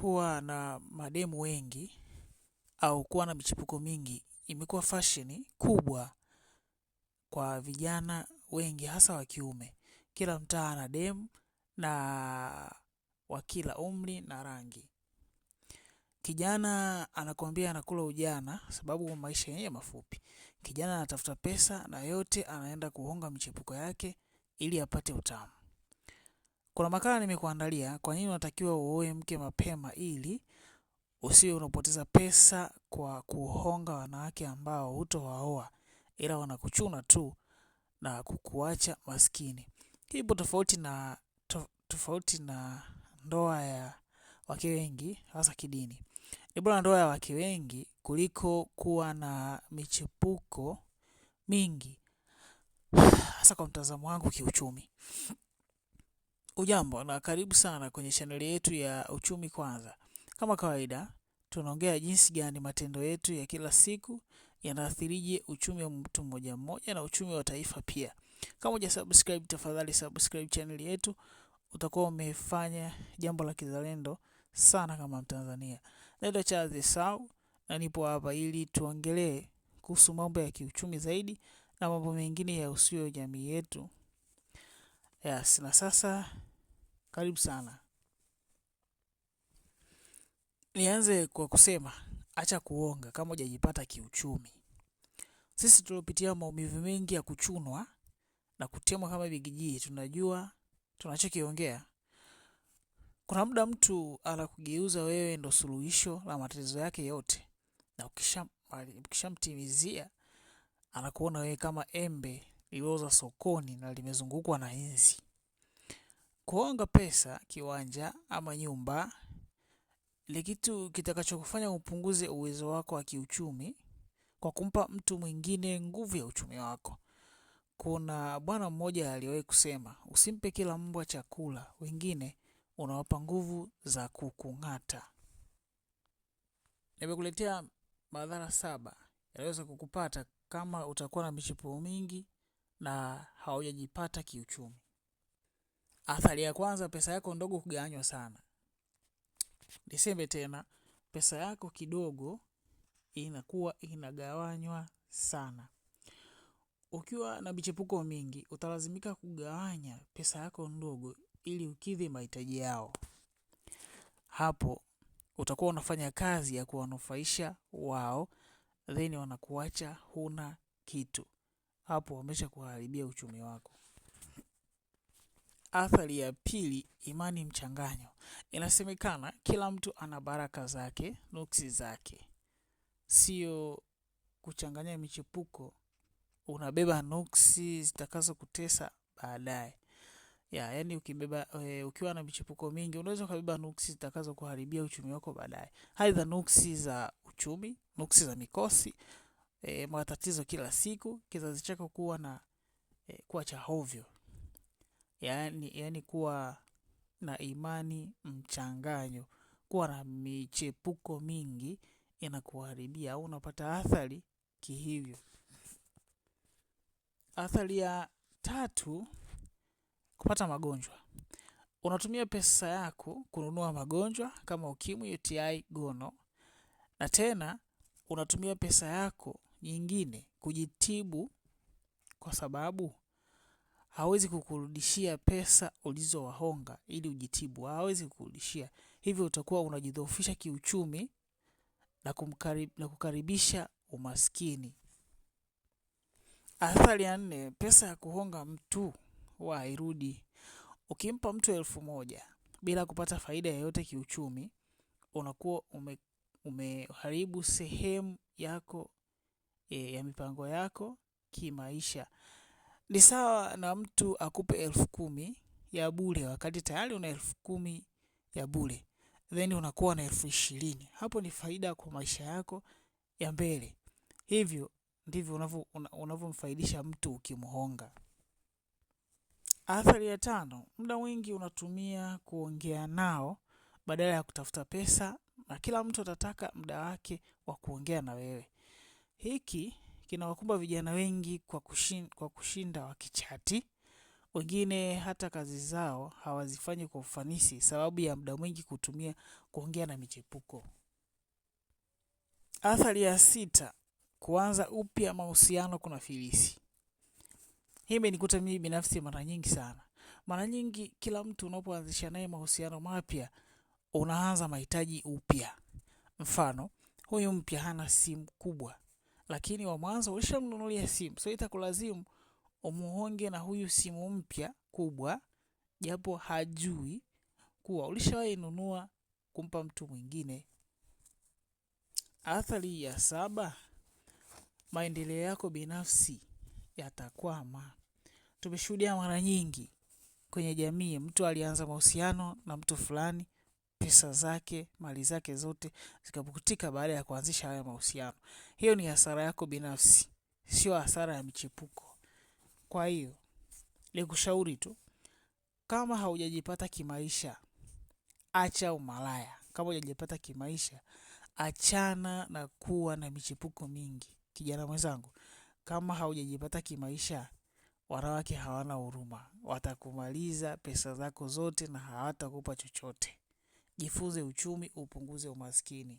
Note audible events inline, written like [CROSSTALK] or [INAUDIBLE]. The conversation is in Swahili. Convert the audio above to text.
kuwa na mademu wengi au kuwa na michipuko mingi imekuwa fashion kubwa kwa vijana wengi hasa wa kiume. Kila mtaa ana demu na wa kila umri na rangi. Kijana anakuambia anakula ujana sababu maisha yenyewe mafupi. Kijana anatafuta pesa na yote anaenda kuhonga michepuko yake ili apate utamu. Kuna makala nimekuandalia kwa nini unatakiwa uoe mke mapema ili usiwe unapoteza pesa kwa kuhonga wanawake ambao hutowaoa ila wanakuchuna tu na kukuacha maskini. Hii ipo tofauti na tofauti na ndoa ya wake wengi hasa kidini. Ni bora ndoa ya wake wengi kuliko kuwa na michepuko mingi [SIGHS] hasa kwa mtazamo wangu kiuchumi. Ujambo na karibu sana kwenye chaneli yetu ya Uchumi Kwanza. Kama kawaida, tunaongea jinsi gani matendo yetu ya kila siku yanaathirije uchumi wa mtu mmoja mmoja na uchumi wa taifa pia. Kama uja subscribe, tafadhali subscribe chaneli yetu, utakuwa umefanya jambo la kizalendo sana kama Mtanzania. Naitwa Charles Sau na nipo hapa ili tuongelee kuhusu mambo ya kiuchumi zaidi na mambo mengine ya usio jamii yetu. Yes, na sasa karibu sana. Nianze kwa kusema acha kuonga kama hujajipata kiuchumi. Sisi tuliopitia maumivu mengi ya kuchunwa na kutemwa kama bigijii, tunajua tunachokiongea. Kuna muda mtu anakugeuza wewe ndo suluhisho la matatizo yake yote, na ukishamtimizia ukisha anakuona wewe kama embe lililoza sokoni na limezungukwa na inzi. Kuonga pesa, kiwanja ama nyumba ni kitu kitakachokufanya upunguze uwezo wako wa kiuchumi kwa kumpa mtu mwingine nguvu ya uchumi wako. Kuna bwana mmoja aliwahi kusema, usimpe kila mbwa chakula, wengine unawapa nguvu za kukung'ata. Nimekuletea madhara saba yanaweza kukupata kama utakuwa na michepuo mingi na haujajipata kiuchumi. Athari ya kwanza, pesa yako ndogo kugawanywa sana. Niseme tena, pesa yako kidogo inakuwa inagawanywa sana. Ukiwa na michepuko mingi, utalazimika kugawanya pesa yako ndogo ili ukidhi mahitaji yao. Hapo utakuwa unafanya kazi ya kuwanufaisha wao, then wanakuacha huna kitu. Hapo wamesha kuharibia uchumi wako. Athari ya pili, imani mchanganyo. Inasemekana kila mtu ana baraka zake, nuksi zake. Sio kuchanganya michepuko, unabeba nuksi zitakazo kutesa baadaye. Ya, yani ukibeba e, ukiwa na michepuko mingi unaweza ukabeba nuksi zitakazo kuharibia uchumi wako baadaye. Aidha nuksi za uchumi, nuksi za mikosi, e, matatizo kila siku, kizazi chako kuwa na e, kuwa cha hovyo yaani yaani kuwa na imani mchanganyo kuwa na michepuko mingi inakuharibia au unapata athari kihivyo. Athari ya tatu kupata magonjwa. Unatumia pesa yako kununua magonjwa kama ukimwi UTI gono na tena unatumia pesa yako nyingine kujitibu kwa sababu hawezi kukurudishia pesa ulizowahonga ili ujitibu, hawezi kukurudishia. Hivyo utakuwa unajidhoofisha kiuchumi na, kumkarib, na kukaribisha umaskini. Athari ya nne, pesa ya kuhonga mtu huwa hairudi. Ukimpa mtu elfu moja bila kupata faida yoyote kiuchumi, unakuwa ume, umeharibu sehemu yako e, ya mipango yako kimaisha. Ni sawa na mtu akupe elfu kumi ya bure wakati tayari una elfu kumi ya bure. Then unakuwa na elfu ishirini. Hapo ni faida kwa maisha yako ya mbele. Hivyo ndivyo unavyomfaidisha mtu ukimhonga. Athari ya tano, muda mwingi unatumia kuongea nao badala ya kutafuta pesa na kila mtu atataka muda wake wa kuongea na wewe. Hiki kinawakumba vijana wengi kwa kushin, kwa kushinda wakichati. Wengine hata kazi zao hawazifanyi kwa ufanisi sababu ya muda mwingi kutumia kuongea na michepuko. Athari ya sita, kuanza upya mahusiano kuna filisi. Hii imenikuta mimi binafsi mara nyingi sana. Mara nyingi kila mtu unapoanzisha naye mahusiano mapya unaanza mahitaji upya. Mfano, huyu mpya hana simu kubwa, lakini wa mwanzo ulishamnunulia simu, so itakulazimu umuonge na huyu simu mpya kubwa, japo hajui kuwa ulishawahi nunua kumpa mtu mwingine. Athari ya saba, maendeleo yako binafsi yatakwama. Tumeshuhudia mara nyingi kwenye jamii, mtu alianza mahusiano na mtu fulani pesa zake, mali zake zote zikapukutika baada ya kuanzisha haya mahusiano. Hiyo ni hasara yako binafsi, sio hasara ya michepuko. Kwa hiyo nikushauri tu, kama haujajipata kimaisha, acha umalaya. Kama hujajipata kimaisha, achana na kuwa na michepuko mingi. Kijana mwenzangu, kama haujajipata kimaisha, wanawake hawana huruma, watakumaliza pesa zako zote na hawatakupa chochote. Jifunze uchumi upunguze umaskini.